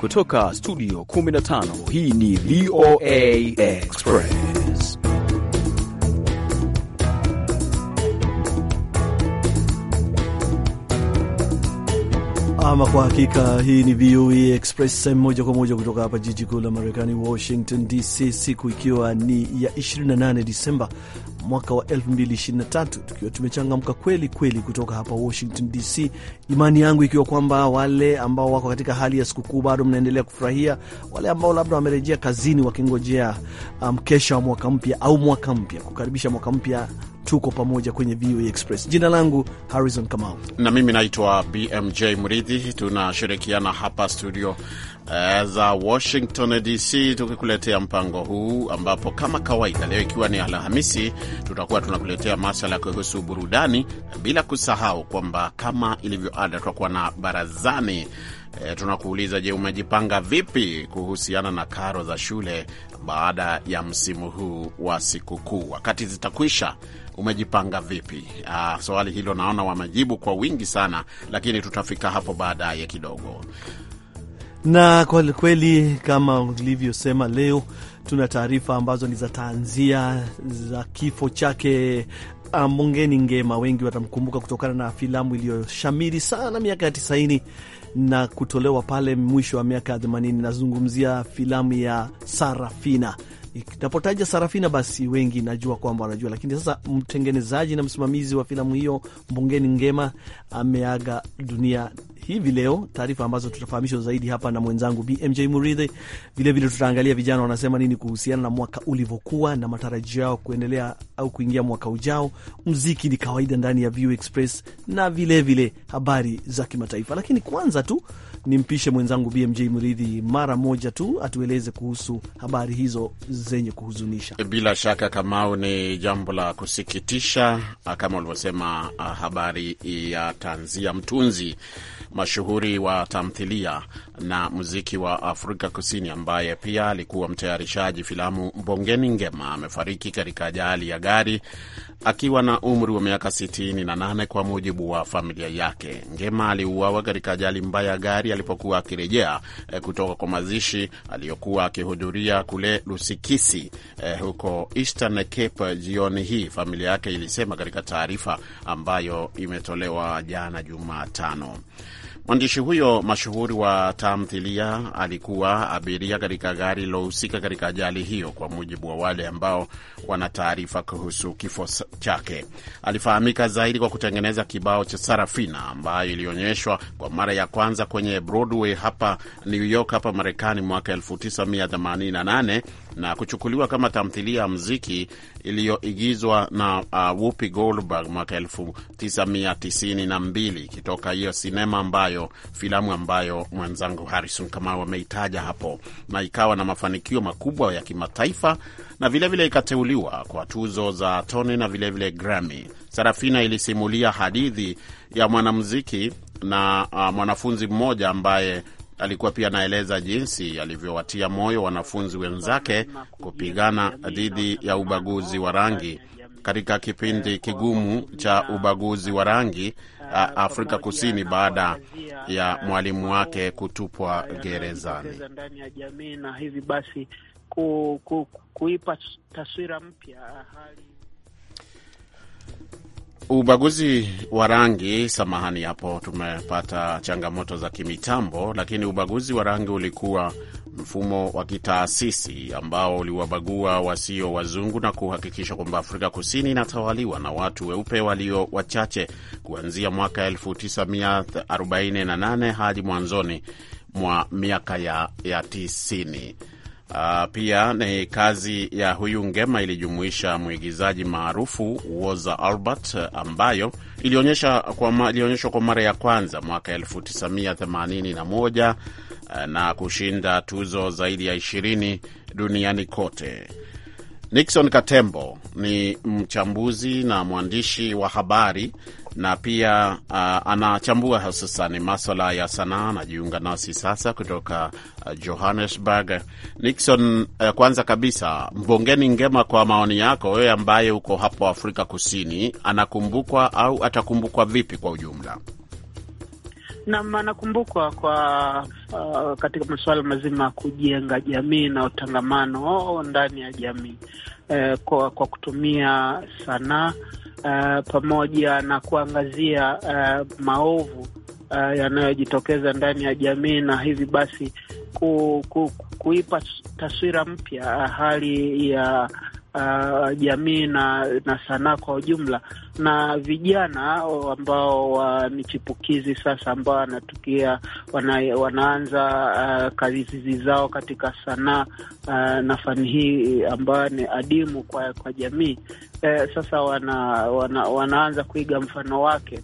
Kutoka studio 15 hii ni VOA Express. Ama kwa hakika hii ni VOA Express moja kwa moja kutoka hapa jiji kuu la Marekani, Washington DC, siku ikiwa ni ya 28 Disemba mwaka wa 2023 tukiwa tumechangamka kweli kweli kutoka hapa Washington DC, imani yangu ikiwa kwamba wale ambao wako katika hali ya sikukuu bado mnaendelea kufurahia, wale ambao labda wamerejea kazini wakingojea mkesha um, wa mwaka mpya au mwaka mpya, kukaribisha mwaka mpya tuko pamoja kwenye VOA e Express. Jina langu Harrison Kamau, na mimi naitwa BMJ Mridhi. Tunashirikiana hapa studio Eh, za Washington DC, tukikuletea mpango huu ambapo kama kawaida leo ikiwa ni Alhamisi, tutakuwa tunakuletea maswala kuhusu burudani, bila kusahau kwamba kama ilivyo ada tutakuwa na barazani. E, tunakuuliza je, umejipanga vipi kuhusiana na karo za shule baada ya msimu huu wa sikukuu? Wakati zitakwisha, umejipanga vipi? Ah, swali hilo naona wamejibu kwa wingi sana, lakini tutafika hapo baadaye kidogo na kwa kweli kama ulivyosema, leo tuna taarifa ambazo ni za tanzia za kifo chake ah, mongeni Ngema. Wengi watamkumbuka kutokana na filamu iliyoshamiri sana miaka ya tisaini na kutolewa pale mwisho wa miaka ya themanini. Nazungumzia filamu ya Sarafina. Napotaja Sarafina basi wengi najua kwamba wanajua, lakini sasa mtengenezaji na msimamizi wa filamu hiyo mbungeni Ngema ameaga dunia hivi leo, taarifa ambazo tutafahamishwa zaidi hapa na mwenzangu BMJ Muridhi. Vilevile tutaangalia vijana wanasema nini kuhusiana na mwaka ulivyokuwa na matarajio yao kuendelea au kuingia mwaka ujao. Mziki ni kawaida ndani ya View Express na vilevile vile habari za kimataifa, lakini kwanza tu nimpishe mwenzangu BMJ Mridhi mara moja tu atueleze kuhusu habari hizo zenye kuhuzunisha. Bila shaka, Kamau, ni jambo la kusikitisha kama ulivyosema, habari ya tanzia mtunzi mashuhuri wa tamthilia na muziki wa Afrika Kusini, ambaye pia alikuwa mtayarishaji filamu Mbongeni Ngema, amefariki katika ajali ya gari akiwa na umri wa miaka 68 kwa mujibu wa familia yake. Ngema aliuawa katika ajali mbaya ya gari alipokuwa akirejea eh, kutoka kwa mazishi aliyokuwa akihudhuria kule Lusikisi eh, huko Eastern Cape jioni hii, familia yake ilisema katika taarifa ambayo imetolewa jana Jumatano. Mwandishi huyo mashuhuri wa tamthilia alikuwa abiria katika gari lilohusika katika ajali hiyo, kwa mujibu wa wale ambao wana taarifa kuhusu kifo chake. Alifahamika zaidi kwa kutengeneza kibao cha Sarafina ambayo ilionyeshwa kwa mara ya kwanza kwenye Broadway hapa New York hapa Marekani mwaka 1988 na kuchukuliwa kama tamthilia ya mziki iliyoigizwa na uh, Whoopi Goldberg mwaka mbili ikitoka hiyo sinema ambayo filamu ambayo mwenzangu Harrison Kamau ameitaja hapo, na ikawa na mafanikio makubwa ya kimataifa na vilevile vile ikateuliwa kwa tuzo za Tony na vilevile vile Grammy. Sarafina ilisimulia hadithi ya mwanamuziki na uh, mwanafunzi mmoja ambaye Alikuwa pia anaeleza jinsi alivyowatia moyo wanafunzi wenzake kupigana dhidi ya ubaguzi wa rangi katika kipindi kigumu cha ubaguzi wa rangi Afrika Kusini baada ya mwalimu wake kutupwa gerezani. Kuipa taswira mpya hali ubaguzi wa rangi, samahani, hapo tumepata changamoto za kimitambo, lakini ubaguzi wa rangi ulikuwa mfumo wa kitaasisi ambao uliwabagua wasio wazungu na kuhakikisha kwamba Afrika Kusini inatawaliwa na watu weupe walio wachache kuanzia mwaka 1948 hadi mwanzoni mwa miaka ya, ya tisini. Uh, pia ni kazi ya huyu ngema ilijumuisha mwigizaji maarufu Woza Albert ambayo ilionyeshwa kwa, kwa mara ya kwanza mwaka 1981 na, eh, na kushinda tuzo zaidi ya 20 duniani kote. Nixon Katembo ni mchambuzi na mwandishi wa habari na pia uh, anachambua hususan maswala ya sanaa. Anajiunga nasi sasa kutoka uh, Johannesburg. Nixon, uh, kwanza kabisa mbongeni ngema kwa maoni yako wewe, ambaye uko hapo Afrika Kusini. Anakumbukwa au atakumbukwa vipi kwa ujumla? Nam anakumbukwa kwa uh, katika masuala mazima ya kujenga jamii na utangamano ndani ya jamii uh, kwa, kwa kutumia sanaa uh, pamoja na kuangazia uh, maovu uh, yanayojitokeza ndani ya jamii na hivi basi ku, ku, kuipa taswira mpya hali ya uh, jamii na, na sanaa kwa ujumla, na vijana ambao wanichipukizi uh, sasa ambao wanatukia wana, wanaanza uh, kazi zao katika sanaa uh, na fani hii ambayo ni adimu kwa, kwa jamii eh, sasa wana, wana, wanaanza kuiga mfano wake.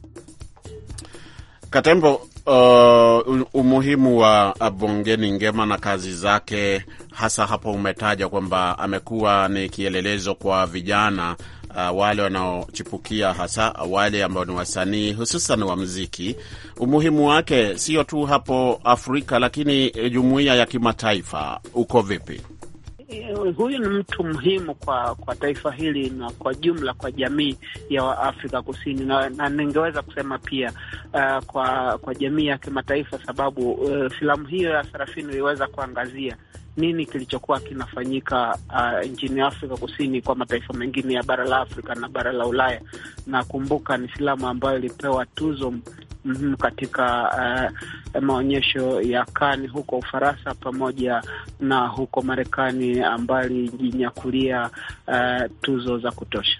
Katembo, uh, umuhimu wa Bongeni Ngema na kazi zake, hasa hapo umetaja kwamba amekuwa ni kielelezo kwa vijana uh, wale wanaochipukia, hasa wale ambao ni wasanii hususan wa mziki. Umuhimu wake sio tu hapo Afrika, lakini jumuiya ya kimataifa uko vipi? Eh, huyu ni mtu muhimu kwa kwa taifa hili na kwa jumla kwa jamii ya Afrika Kusini na, na ningeweza kusema pia uh, kwa kwa jamii ya kimataifa, sababu uh, filamu hiyo ya Sarafini iliweza kuangazia nini kilichokuwa kinafanyika uh, nchini Afrika Kusini kwa mataifa mengine ya bara la Afrika na bara la Ulaya. Nakumbuka ni filamu ambayo ilipewa tuzo mm, katika uh, maonyesho ya Cannes huko Ufaransa pamoja na huko Marekani ambayo ilijinyakulia uh, eh, tuzo za kutosha.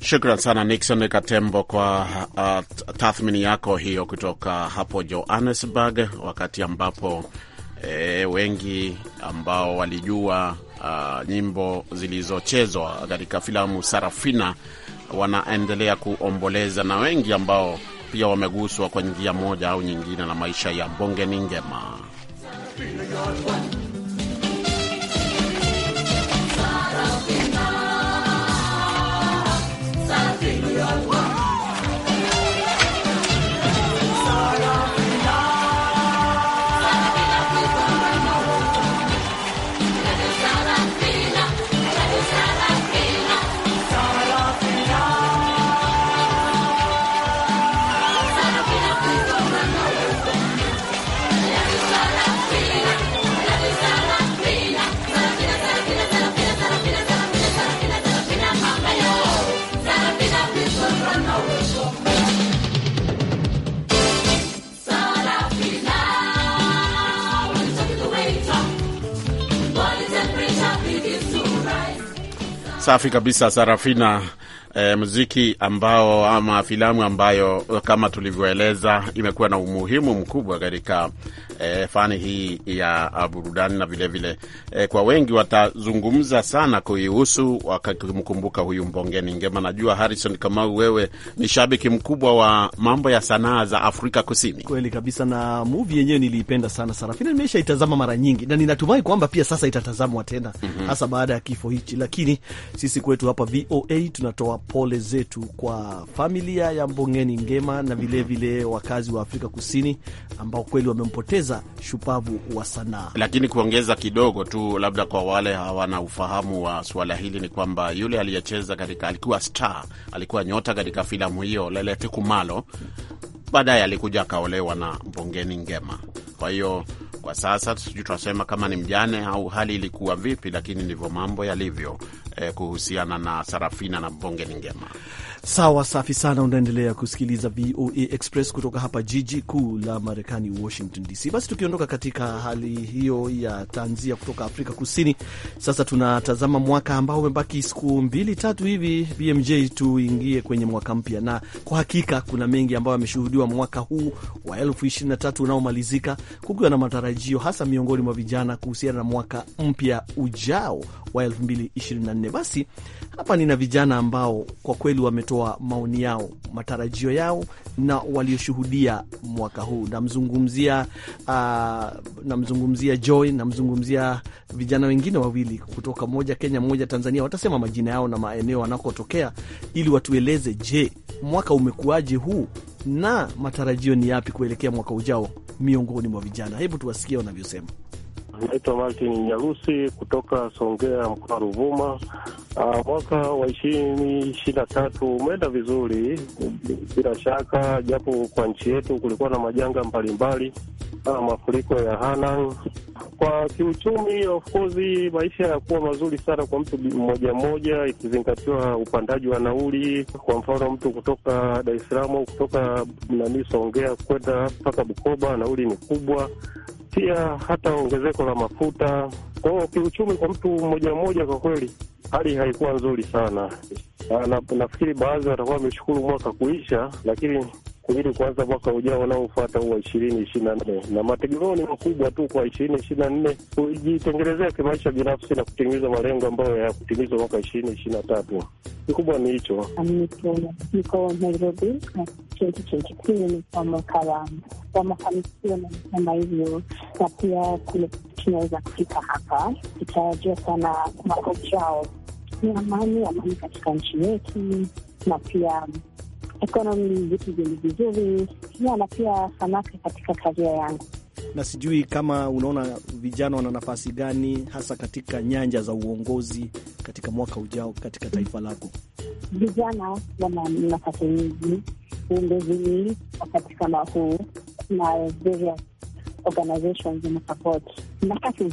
Shukran sana Nixon Katembo kwa uh, tathmini yako hiyo kutoka hapo Johannesburg, wakati ambapo e, wengi ambao walijua uh, nyimbo zilizochezwa katika filamu Sarafina wanaendelea kuomboleza na wengi ambao pia wameguswa kwa njia moja au nyingine na maisha ya Mbonge ni Ngema. Safi kabisa, Sarafina e, muziki ambao ama filamu ambayo kama tulivyoeleza imekuwa na umuhimu mkubwa katika e, fani hii ya ah, burudani na vilevile vile. E, kwa wengi watazungumza sana kuihusu wakimkumbuka huyu Mbongeni Ngema. Najua Harrison Kamau, wewe ni shabiki mkubwa wa mambo ya sanaa za Afrika Kusini. Kweli kabisa, na movie yenyewe niliipenda sana Sarafina, nimesha itazama mara nyingi na ninatumai kwamba pia sasa itatazamwa tena mm -hmm. hasa baada ya kifo hichi, lakini sisi kwetu hapa VOA tunatoa pole zetu kwa familia ya Mbongeni Ngema na vilevile wakazi wa Afrika Kusini ambao kweli wamempoteza shupavu wa sanaa. Lakini kuongeza kidogo tu, labda kwa wale hawana ufahamu wa suala hili, ni kwamba yule aliyecheza katika, alikuwa star, alikuwa nyota katika filamu hiyo Lelete Kumalo, baadaye alikuja akaolewa na Mbongeni Ngema, kwa hiyo kwa sasa sijui tunasema kama ni mjane au hali ilikuwa vipi, lakini ndivyo mambo yalivyo eh, kuhusiana na Sarafina na Bongeni Ngema. Sawa, safi sana. Unaendelea kusikiliza VOA Express kutoka hapa jiji kuu la Marekani, Washington DC. Basi tukiondoka katika hali hiyo ya tanzia kutoka Afrika Kusini, sasa tunatazama mwaka ambao umebaki siku mbili tatu hivi, BMJ, tuingie kwenye mwaka mpya, na kwa hakika kuna mengi ambayo yameshuhudiwa mwaka huu wa elfu ishirini na tatu unaomalizika, kukiwa na matarajio hasa miongoni mwa vijana kuhusiana na mwaka mpya ujao wa elfu mbili ishirini na nne. Basi hapa nina vijana ambao kwa kweli wametoa kutoa maoni yao, matarajio yao na walioshuhudia mwaka huu. Namzungumzia uh, namzungumzia Joy, namzungumzia vijana wengine wawili kutoka moja Kenya, moja Tanzania. Watasema majina yao na maeneo wanakotokea ili watueleze, je, mwaka umekuwaje huu na matarajio ni yapi kuelekea mwaka ujao miongoni mwa vijana. Hebu tuwasikie wanavyosema. Naitwa Martin Nyarusi kutoka Songea, mkoa wa Ruvuma. Uh, mwaka wa ishirini ishirini na tatu umeenda vizuri bila shaka, japo kwa nchi yetu kulikuwa na majanga mbalimbali kama ah, mafuriko ya Hanang. Kwa kiuchumi, of course, maisha yakuwa mazuri sana kwa mtu mmoja mmoja, ikizingatiwa upandaji wa nauli. Kwa mfano, mtu kutoka Dar es Salaam au kutoka nani Songea kwenda mpaka Bukoba, nauli ni kubwa. Pia hata ongezeko soko la mafuta. Kwa hiyo kiuchumi, kwa mtu mmoja mmoja, kwa kweli hali haikuwa nzuri sana. Na, nafikiri baadhi watakuwa wameshukuru mwaka kuisha, lakini ili kuanza mwaka ujao unaofuata huu wa ishirini ishirini na nne na mategemeo ni makubwa tu kwa ishirini ishirini na nne kujitengenezea kimaisha binafsi na kutimiza malengo ambayo kutimizwa mwaka ishirini ishirini na tatu kikubwa ni hicho. hivyo, na pia kule tunaweza kufika hapa, tutarajia sana mwaka ujao ni amani, amani katika nchi yetu na pia ekonomi vitu vili vizuri, pia na pia samaki katika karia yangu. Na sijui kama unaona vijana wana nafasi gani hasa katika nyanja za uongozi katika mwaka ujao katika taifa lako? Vijana wana nafasi nyingi uongozini katika na huu na organizations nafasi nafasi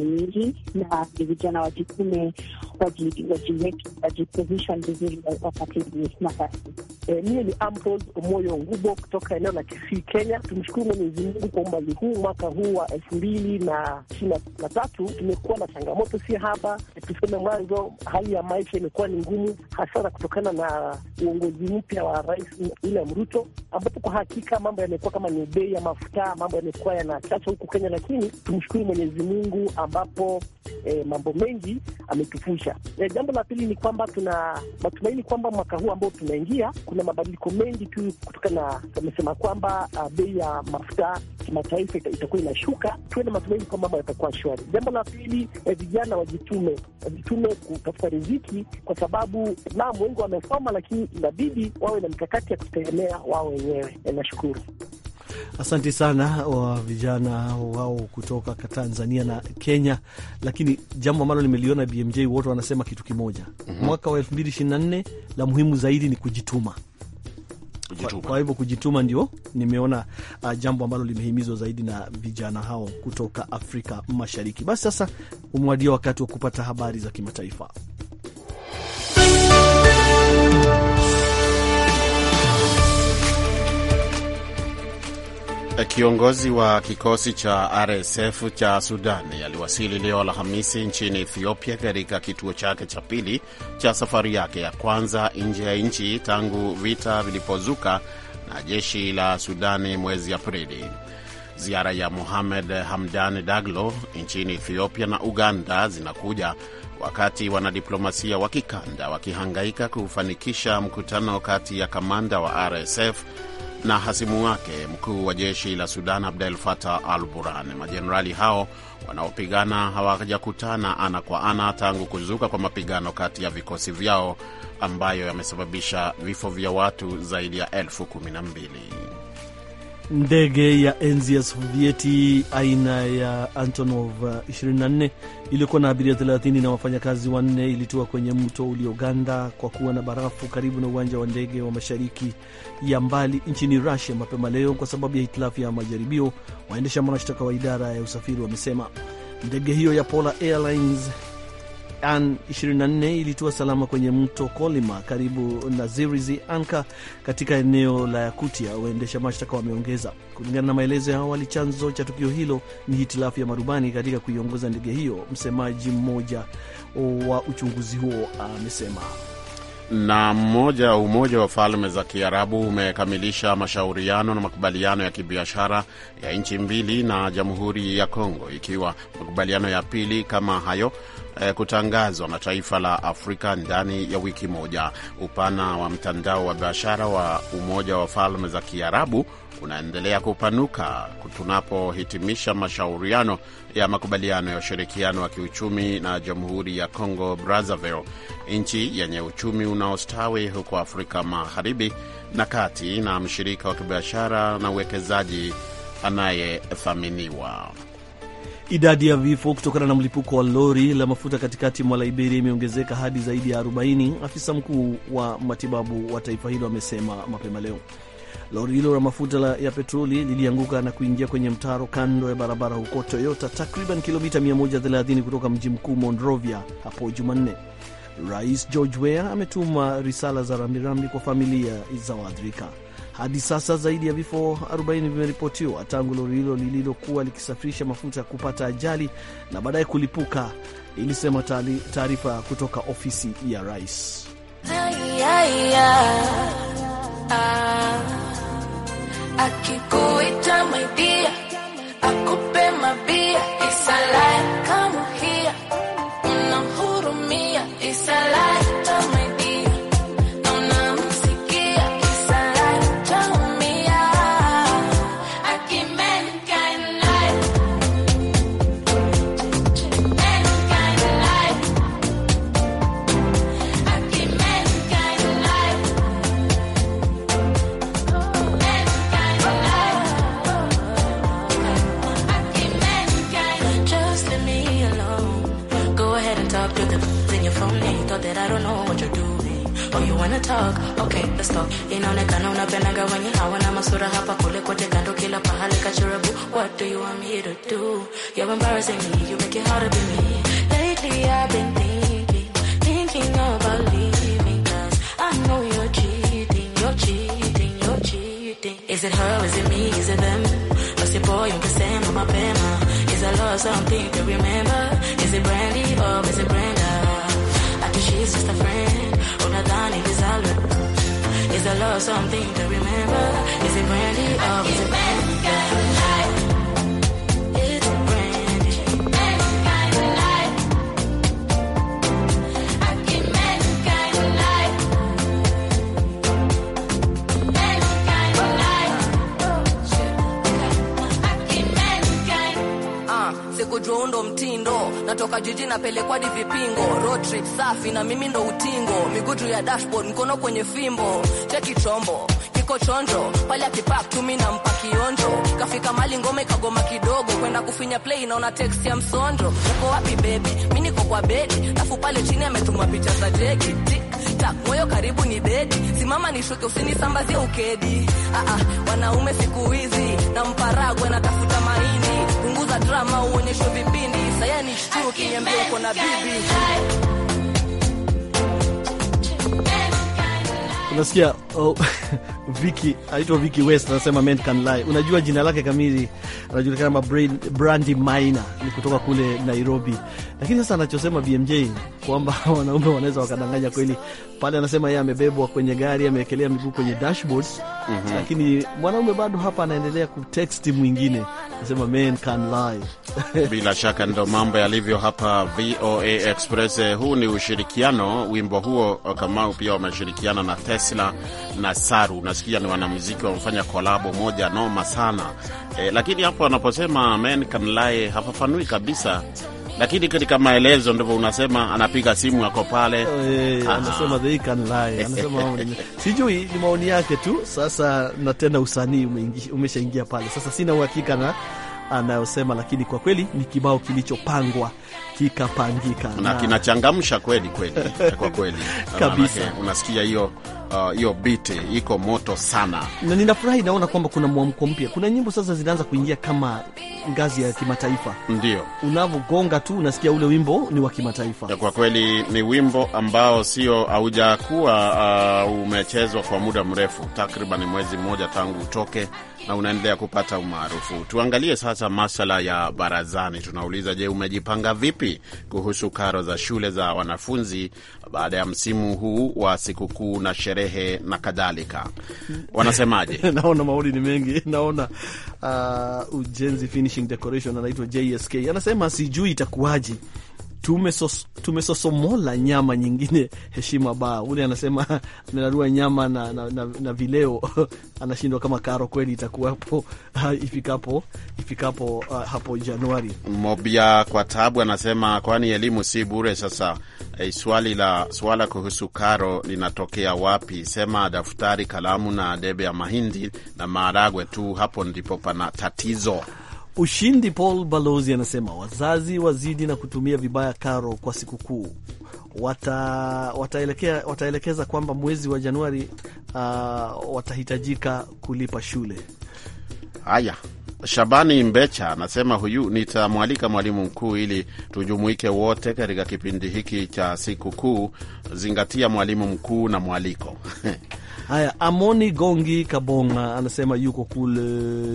nyingi, na vijana wajitume, wajiweke, wajiposition vizuri wakati nafasi E, mie ni Ambrose Omoyo Ngubo kutoka eneo la Kisii, Kenya. Tumshukuru Mwenyezi Mungu kwa umbali huu. Mwaka huu wa elfu mbili na ishirini na tatu tumekuwa na changamoto si haba. E, tuseme mwanzo, hali ya maisha imekuwa ni ngumu, hasa kutokana na uongozi mpya wa Rais William Ruto, ambapo kwa hakika mambo yamekuwa kama ni bei ya mafuta, mambo yamekuwa yanachacha huku Kenya, lakini tumshukuru Mwenyezi Mungu ambapo eh, mambo mengi ametufusha. Eh, jambo la pili ni kwamba tuna matumaini kwamba mwaka huu ambao tunaingia kuna mabadiliko mengi tu kutokana na amesema kwamba uh, bei ya mafuta kimataifa ita, itakuwa inashuka. Tuwe na matumaini kwamba mambo yatakuwa shwari. Jambo la pili eh, vijana wajitume, wajitume kutafuta riziki, kwa sababu naam wengi wamesoma, lakini inabidi wawe na mikakati ya kutegemea wao wenyewe. Eh, nashukuru. Asante sana wa vijana wao kutoka Tanzania na Kenya, lakini jambo ambalo nimeliona BMJ, wote wanasema kitu kimoja mm -hmm. Mwaka wa nne la muhimu zaidi ni kujituma. Kujituma. Kwa, kwa hivyo kujituma ndio nimeona uh, jambo ambalo limehimizwa zaidi na vijana hao kutoka Afrika Mashariki. Basi sasa umewadia wakati wa kupata habari za kimataifa. Eh, kiongozi wa kikosi cha RSF cha Sudani aliwasili leo Alhamisi nchini Ethiopia katika kituo chake cha pili cha safari yake ya kwanza nje ya nchi tangu vita vilipozuka na jeshi la Sudani mwezi Aprili. Ziara ya Mohamed Hamdan Daglo nchini Ethiopia na Uganda zinakuja wakati wanadiplomasia wa kikanda wakihangaika kufanikisha mkutano kati ya kamanda wa RSF na hasimu wake mkuu wa jeshi la Sudan Abdel Fattah al Burhan. Majenerali hao wanaopigana hawajakutana ana kwa ana tangu kuzuka kwa mapigano kati ya vikosi vyao ambayo yamesababisha vifo vya watu zaidi ya elfu kumi na mbili. Ndege ya enzi ya Sovieti aina ya Antonov 24 uh, iliyokuwa na abiria 30 na wafanyakazi wanne ilitua kwenye mto ulioganda kwa kuwa na barafu karibu na uwanja wa ndege wa mashariki ya mbali nchini Rusia mapema leo kwa sababu ya hitilafu ya majaribio, waendesha mashtaka wa idara ya usafiri wamesema. Ndege hiyo ya Polar Airlines An 24 ilitua salama kwenye mto Kolima karibu na Zirizi Anka katika eneo la Yakutia, waendesha mashtaka wameongeza. Kulingana na maelezo ya awali, chanzo cha tukio hilo ni hitilafu ya marubani katika kuiongoza ndege hiyo, msemaji mmoja wa uchunguzi huo amesema. Na mmoja Umoja wa Falme za Kiarabu umekamilisha mashauriano na makubaliano ya kibiashara ya nchi mbili na Jamhuri ya Kongo, ikiwa makubaliano ya pili kama hayo eh, kutangazwa na taifa la Afrika ndani ya wiki moja. Upana wa mtandao wa biashara wa Umoja wa Falme za Kiarabu unaendelea kupanuka tunapohitimisha mashauriano ya makubaliano ya ushirikiano wa kiuchumi na Jamhuri ya congo Brazzaville, nchi yenye uchumi unaostawi huko Afrika Magharibi na Kati, na mshirika wa kibiashara na uwekezaji anayethaminiwa. Idadi ya vifo kutokana na mlipuko wa lori la mafuta katikati mwa Liberia imeongezeka hadi zaidi ya 40, afisa mkuu wa matibabu wa taifa hilo amesema mapema leo. Lori hilo la mafuta la ya petroli lilianguka na kuingia kwenye mtaro kando ya barabara huko Toyota, takriban kilomita 130 kutoka mji mkuu Monrovia hapo Jumanne. Rais George Weah ametuma risala za rambirambi kwa familia za waathirika. Hadi sasa zaidi ya vifo 40 vimeripotiwa tangu lori hilo lililokuwa likisafirisha mafuta kupata ajali na baadaye kulipuka, ilisema taarifa kutoka ofisi ya rais. ay, ay, ay, ay. Aquí cubita mi día, acupé mi vía, it's a lie, come here, no it's a lie. talk. Okay, let's talk. Inaonekana unapendaga wenye hawana masura hapa kule kote kando kila pahali kachurabu. What do you want me to do? You're embarrassing me. You make it harder to be me. Lately I've been thinking, thinking about leaving cause I know you're cheating, you're cheating, you're cheating. Is it her? Is it me? Is it them? Basi boy, ungesema mapema. Is I lost something to remember? Is it Brandy or is it Brenda? she's just a friend. Unadhani oh, is a love. Is a love something to remember? Is it brandy or is it vodka? kutoka jiji napelekwa di vipingo, road trip safi na mimi ndo utingo, miguu juu ya dashboard, mkono kwenye fimbo, cheki chombo kiko chonjo pale akipak tumi na mpa kionjo, kafika mali ngome kagoma kidogo, kwenda kufinya play, naona text ya msonjo, uko wapi baby? Mimi niko kwa bedi, alafu pale chini ametuma picha za jeki tik tak, moyo karibu ni bedi, simama nishuke, usinisambazie ukedi. Ah ah, wanaume siku hizi na mparagwe natafuta maini Cheza drama uonyeshwe vipindi, sayani shtuki, niambie uko na bibi. Unasikia oh, Viki aitwa Viki West anasema men can lie. Unajua jina lake kamili anajulikana kama Brandi Maina, ni kutoka kule Nairobi, lakini sasa anachosema BMJ kwamba wanaume wanaweza wakadanganya kweli. Pale anasema yeye amebebwa kwenye gari, amewekelea miguu kwenye dashboard mm -hmm. Lakini mwanaume bado hapa anaendelea kutext mwingine Sema man can lie. Bila shaka ndo mambo yalivyo hapa VOA Express. Huu ni ushirikiano. Wimbo huo Kamau pia wameshirikiana na Tesla na Saru. Nasikia ni wanamuziki wamefanya kolabo moja noma sana. E, lakini hapo wanaposema man can lie hafafanui kabisa lakini katika maelezo ndivyo unasema, anapiga simu yako pale, eh, ah. anasema they can lie, anasema sijui ni maoni yake tu. Sasa na tena usanii umeshaingia pale, sasa sina uhakika na anayosema lakini kwa kweli ni kibao kilichopangwa kikapangika na, na kinachangamsha kweli kweli kwa kweli kabisa, unasikia hiyo Uh, hiyo uh, biti iko moto sana, na ninafurahi naona kwamba kuna mwamko mpya. Kuna nyimbo sasa zinaanza kuingia kama ngazi ya kimataifa, ndio unavyogonga tu unasikia ule wimbo ni wa kimataifa. Kwa kweli ni wimbo ambao sio haujakuwa uh, umechezwa kwa muda mrefu, takriban mwezi mmoja tangu utoke na unaendelea kupata umaarufu. Tuangalie sasa masala ya barazani. Tunauliza, je, umejipanga vipi kuhusu karo za shule za wanafunzi baada ya msimu huu wa sikukuu na sherehe sherehe na kadhalika. Wanasemaje? naona maoni ni mengi. Naona uh, ujenzi finishing decoration anaitwa JSK anasema sijui itakuwaje tumesosomola tumesosomola nyama nyingine heshima ba ule anasema anararua nyama na, na, na, na vileo anashindwa kama karo kweli itakuwapo ifikapo ifikapo uh, hapo Januari. Mobia kwa tabu anasema kwani elimu si bure. Sasa e, swali la swala kuhusu karo linatokea wapi? Sema daftari, kalamu na debe ya mahindi na maharagwe tu, hapo ndipo pana tatizo. Ushindi Paul Balozi anasema wazazi wazidi na kutumia vibaya karo kwa sikukuu wata, wataelekea, wataelekeza kwamba mwezi wa Januari uh, watahitajika kulipa shule. Haya, Shabani Mbecha anasema huyu, nitamwalika mwalimu mkuu ili tujumuike wote katika kipindi hiki cha sikukuu. Zingatia mwalimu mkuu na mwaliko. Haya, Amoni Gongi Kabonga anasema yuko kule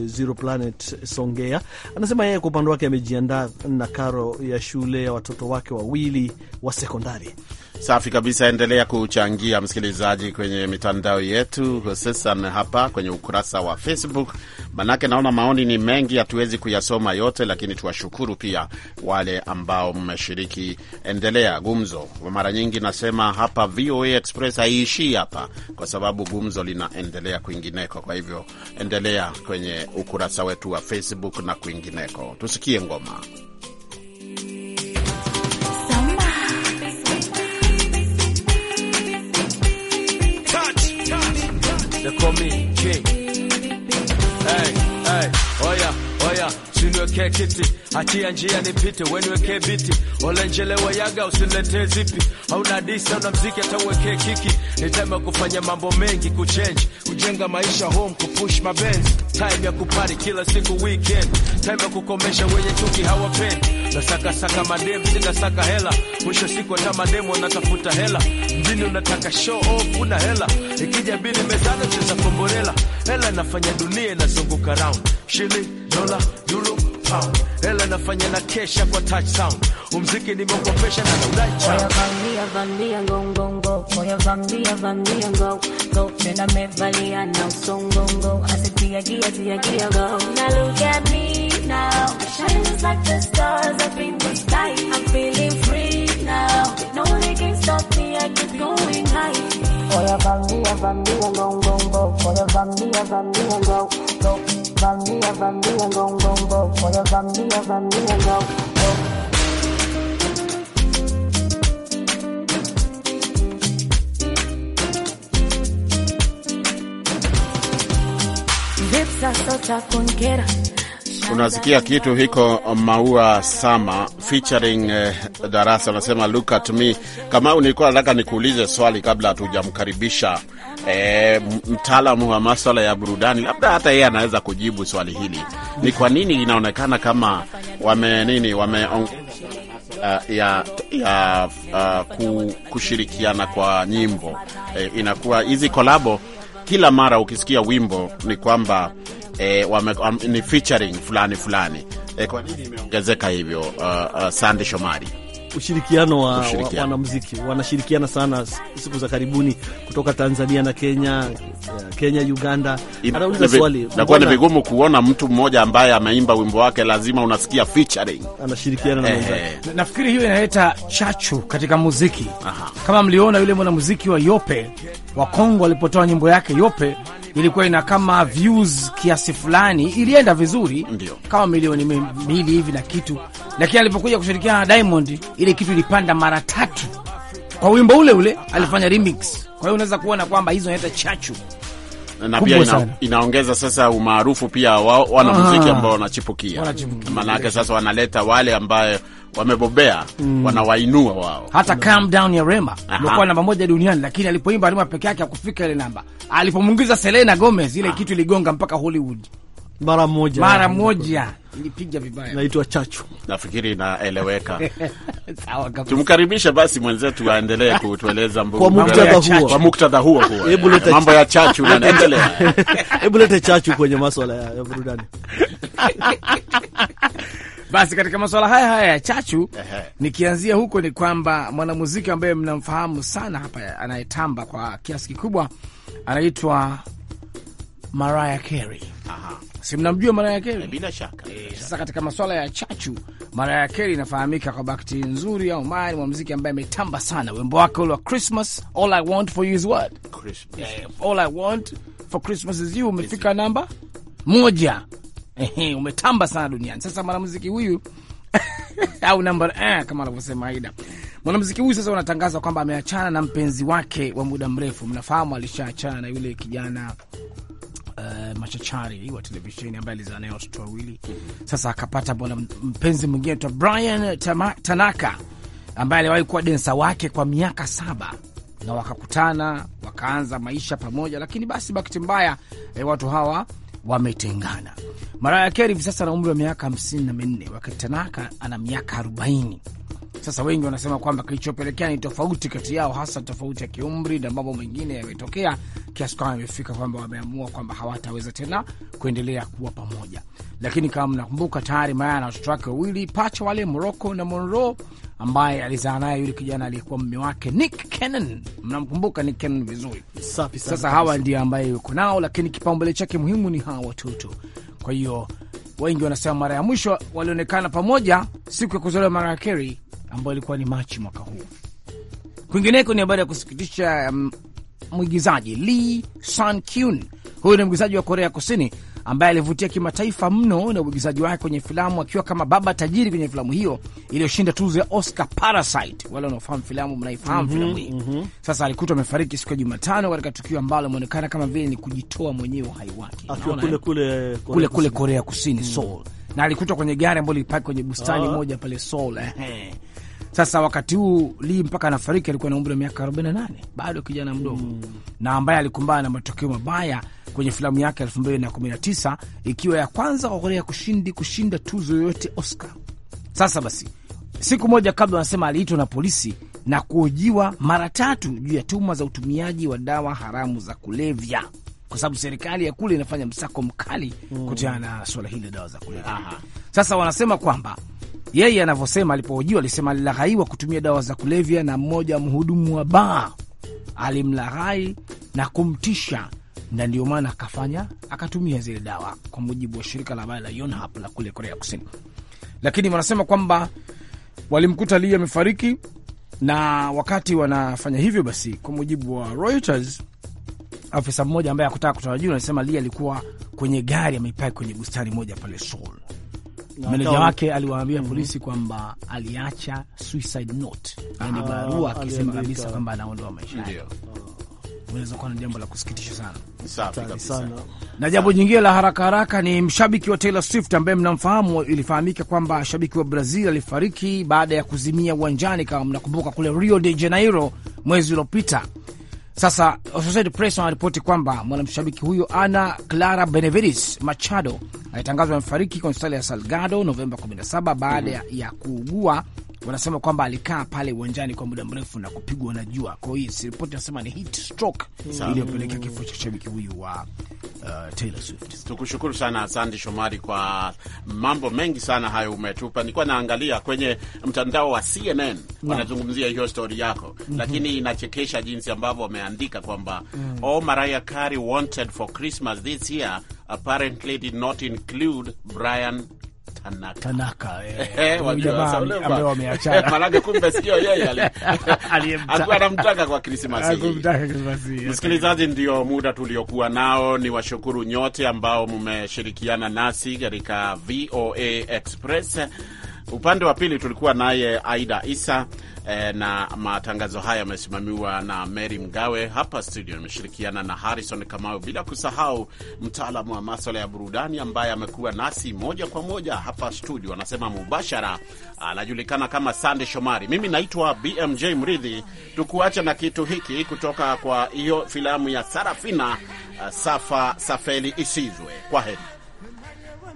Zero Planet Songea. Anasema yeye kwa upande wake amejiandaa na karo ya shule ya watoto wake wawili wa sekondari. Safi kabisa. Endelea kuchangia msikilizaji, kwenye mitandao yetu, hususan hapa kwenye ukurasa wa Facebook, manake naona maoni ni mengi, hatuwezi kuyasoma yote, lakini tuwashukuru pia wale ambao mmeshiriki. Endelea gumzo. Mara nyingi nasema hapa VOA Express haiishii hapa, kwa sababu gumzo linaendelea kwingineko. Kwa hivyo endelea kwenye ukurasa wetu wa Facebook na kwingineko. Tusikie ngoma. They call me King. Hey, hey. Oya, siniwekee kiti, achia njia nipite, weniwekee viti, olenjelewa yaga, usiniletee zipi, hauna disa una mziki, hata uwekee kiki, nitame kufanya mambo mengi, kuchenji, kujenga maisha, home, kupush mabenzi, time ya kupari kila siku weekend, time ya kukomesha wenye chuki hawapendi Nasaka saka mademu sinasaka hela, mwisho siku hata mademu wanatafuta hela. Mjini unataka show off, una hela ikija bini mezana, cheza komborela hela inafanya dunia inazunguka round shili Lola Yulu Pound hela nafanya na kesha kwa touch sound umziki ni pesha na Oya naudacha valia valia ngongongo oya valia valia ngo go tena mevalia na Asi usongongo asitiagia tiagia go now look at me now I shine just like the stars up in the sky I'm feeling free now no one can stop me I keep going high oya valia valia ngongongo oya valia valia ngo go Vamia, vamia, gong, gong, go. For the vamia, vamia, go, go. are so tough, couldn't get up. Unasikia kitu hiko Maua Sama featuring eh, Darasa anasema look at me. Kama nilikuwa nataka nikuulize swali kabla hatujamkaribisha eh, mtaalamu wa maswala ya burudani, labda hata yeye anaweza kujibu swali hili. Ni kwa nini inaonekana kama wame nini wame on, uh, ya, ya uh, ku, kushirikiana kwa nyimbo eh, inakuwa hizi kolabo kila mara ukisikia wimbo ni kwamba e, wame, um, ni featuring fulani fulani e, kwa nini imeongezeka hivyo? Uh, uh, Sande Shomari ushirikiano wa wanamuziki wa, wanashirikiana sana siku za karibuni kutoka Tanzania na Kenya, Kenya Uganda. Anauliza swali, nakuwa ni vigumu kuona mtu mmoja ambaye ameimba wimbo wake, lazima unasikia featuring, anashirikiana na eh, mwenzake. Nafikiri hiyo inaleta chachu katika muziki. Aha. Kama mliona yule mwanamuziki wa Yope wa Kongo alipotoa nyimbo yake Yope ilikuwa ina kama views kiasi fulani, ilienda vizuri Ndiyo. kama milioni mbili hivi na kitu, lakini alipokuja kushirikiana na Diamond ile kitu ilipanda mara tatu kwa wimbo ule ule, alifanya remix. Kwa hiyo unaweza kuona kwamba hizo inaleta chachu na pia ina, inaongeza sasa umaarufu pia wana muziki ambao wanachipukia, maanake sasa wanaleta wale ambayo wamebobea mm. wanawainua wao. Hata hmm. calm down ya Rema ilikuwa namba moja duniani, lakini alipoimba Rema peke yake hakufika ile namba. Alipomwingiza Selena Gomez ile ah. kitu iligonga mpaka Hollywood mara moja, mara moja ilipiga vibaya. Naitwa Chachu, nafikiri inaeleweka. Sawa kabisa, tumkaribishe basi mwenzetu aendelee kutueleza kwa muktadha huo, kwa muktadha huo huo, hebu leta mambo ya Chachu na endelea, hebu leta Chachu kwenye masuala ya burudani Basi katika masuala haya haya ya chachu, nikianzia huko ni kwamba mwanamuziki ambaye mnamfahamu sana hapa anayetamba kwa kiasi kikubwa anaitwa Mariah Carey. Aha. Si mnamjua Mariah Carey? Eh, bila eh, shaka. Sasa katika masuala ya chachu, Mariah Carey inafahamika kwa bakti nzuri au mbaya, ni mwanamuziki ambaye ametamba sana. Wimbo wake ule wa Christmas, all I want for you is what? Christmas. Eh, all I want for Christmas is you umefika namba moja umetamba sana duniani. Sasa mwanamuziki huyu au namba eh, kama anavyosema Aida, mwanamuziki huyu sasa unatangaza kwamba ameachana na mpenzi wake wa muda mrefu. Mnafahamu alishaachana na yule kijana Uh, machachari wa televisheni ambaye alizaa naye watoto wawili. Sasa akapata bwana mpenzi mwingine ta Brian Tama, Tanaka ambaye aliwahi kuwa densa wake kwa miaka saba na wakakutana wakaanza maisha pamoja, lakini basi bahati mbaya eh, watu hawa wametengana. Mariah Carey hivi sasa ana umri wa miaka 54 wakati Tanaka ana miaka 40. Sasa wengi wanasema kwamba kilichopelekea ni tofauti kati yao, hasa tofauti ya kiumri na mambo mengine yametokea kiasi kwamba imefika kwamba wameamua kwamba hawataweza tena kuendelea kuwa pamoja. Lakini kama mnakumbuka, tayari Maya na watoto wake wawili pacha wale Morocco na Monroe, ambaye alizaa naye yule kijana aliyekuwa mme wake Nick Cannon. Mnamkumbuka Nick Cannon vizuri? Safi sana. Sasa hawa ndio ambaye yuko nao, lakini kipaumbele chake muhimu ni hawa watoto. Kwa hiyo wengi wanasema mara ya mwisho walionekana pamoja siku ya kuzaliwa Mariah Carey ambayo ilikuwa ni Machi mwaka huu. Kwingineko ni habari ya kusikitisha um, mwigizaji Lee San-kyun. Huyu ni mwigizaji wa Korea Kusini ambaye alivutia kimataifa mno na uigizaji wake kwenye filamu akiwa kama baba tajiri kwenye filamu hiyo iliyoshinda tuzo ya Oscar Parasite. Wale wanaofahamu filamu mnaifahamu mm -hmm, filamu hii mm -hmm. Sasa alikutwa amefariki siku ya Jumatano katika tukio ambalo ameonekana kama vile ni kujitoa mwenyewe uhai wake kule kule Korea Kusini, mm. Seoul na alikutwa kwenye gari ambayo lilipaki kwenye bustani oh. moja pale Seoul. Eh. Sasa wakati huu Lee mpaka anafariki alikuwa na umri wa miaka 48, bado kijana mdogo mm. na ambaye alikumbana na matokeo mabaya kwenye filamu yake 2019 ikiwa ya kwanza kwa Korea kushindi kushinda tuzo yoyote Oscar. Sasa basi, siku moja kabla, anasema aliitwa na polisi na kuojiwa mara tatu juu ya tuhuma za utumiaji wa dawa haramu za kulevya kwa sababu serikali ya kule inafanya msako mkali mm. kutana na swala hili la dawa za kulevya. Sasa wanasema kwamba yeye anavyosema, alipohojiwa alisema alilaghaiwa kutumia dawa za kulevya na mmoja mhudumu wa baa alimlaghai na kumtisha, na ndio maana akafanya akatumia zile dawa, kwa mujibu wa shirika la habari la Yonhap la kule Korea Kusini. Lakini wanasema kwamba walimkuta Lee amefariki, na wakati wanafanya hivyo, basi kwa mujibu wa Reuters afisa mmoja ambaye hakutaka kutoa juu anasema Lee alikuwa kwenye gari ameipaki kwenye bustani moja pale Seoul. Meneja wake aliwaambia mm -hmm. polisi kwamba aliacha suicide note, yani ah, barua akisema kabisa kwamba anaondoa maisha yake. Unaweza kuwa na jambo la kusikitisha sana. Safi kabisa. Na jambo jingine la haraka haraka ni mshabiki wa Taylor Swift ambaye mnamfahamu, ilifahamika kwamba shabiki wa Brazil alifariki baada ya kuzimia uwanjani, kama mnakumbuka, kule Rio de Janeiro mwezi uliopita. Sasa Associated Press wanaripoti kwamba mwanamshabiki huyo Ana Clara Benevides Machado alitangazwa amefariki kwenye hospitali ya Salgado Novemba 17 baada ya kuugua wanasema kwamba alikaa pale uwanjani kwa muda mrefu na kupigwa na jua. Kwa hiyo ripoti nasema ni heat stroke iliyopelekea kifo cha shabiki huyu wa uh, Taylor Swift. Tukushukuru sana asante Shomari kwa mambo mengi sana hayo umetupa. Nilikuwa naangalia kwenye mtandao wa CNN wanazungumzia hiyo stori yako mm -hmm. Lakini inachekesha jinsi ambavyo wameandika kwamba mm. oh, Mariah Carey wanted for Christmas this year apparently did not include Brian Tanaka, Tanaka eh, eh ambaye wameachana Malaga. Kumbe sio yeye aliyemtaka, anamtaka kwa Krismasi. Msikilizaji, ndio muda tuliokuwa nao. Ni washukuru nyote ambao mmeshirikiana nasi katika VOA Express Upande wa pili tulikuwa naye Aida Isa eh, na matangazo haya yamesimamiwa na Mary Mgawe. Hapa studio nimeshirikiana na Harrison Kamau, bila kusahau mtaalamu wa maswala ya burudani ambaye amekuwa nasi moja kwa moja hapa studio, anasema mubashara, anajulikana kama Sande Shomari. Mimi naitwa BMJ Mridhi. Tukuacha na kitu hiki kutoka kwa hiyo filamu ya Sarafina, uh, Safa Safeli Isizwe. Kwa heri.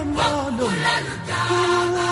hermano. Por la lucha.